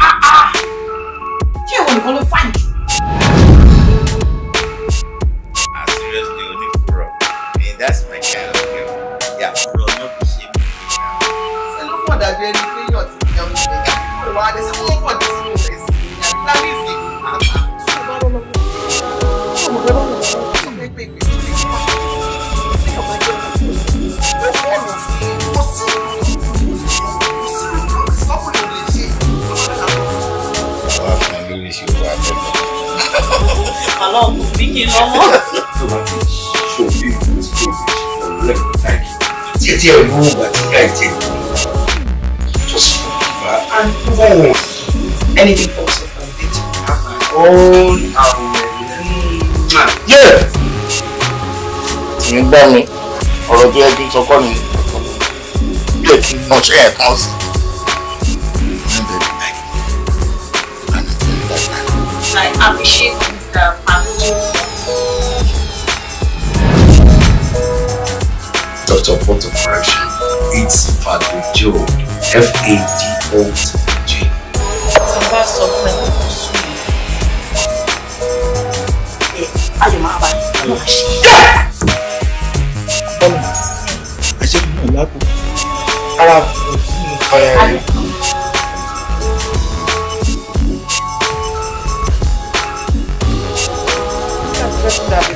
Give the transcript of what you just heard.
ah, ìwọ nìkan ló fà jù. I seriously only furo I that's my kind of girl yeah bro, no be shame. ṣé ló pọ̀ dàbí ẹni pé yóò ti jẹun ṣe é kí wọ́n wá dé sí wọ́n pọ̀ lórí ṣe wà lọ́nà. àlọ́ kò bí kí n just and over anything for us if I to have my own um, yeah. ìyẹn gbọ́ mi ọ̀rọ̀ tó yẹ kí n sọ kọ́ mi yóò Church of Water Correction. It's Father Joe, F A D O T G. Thank you.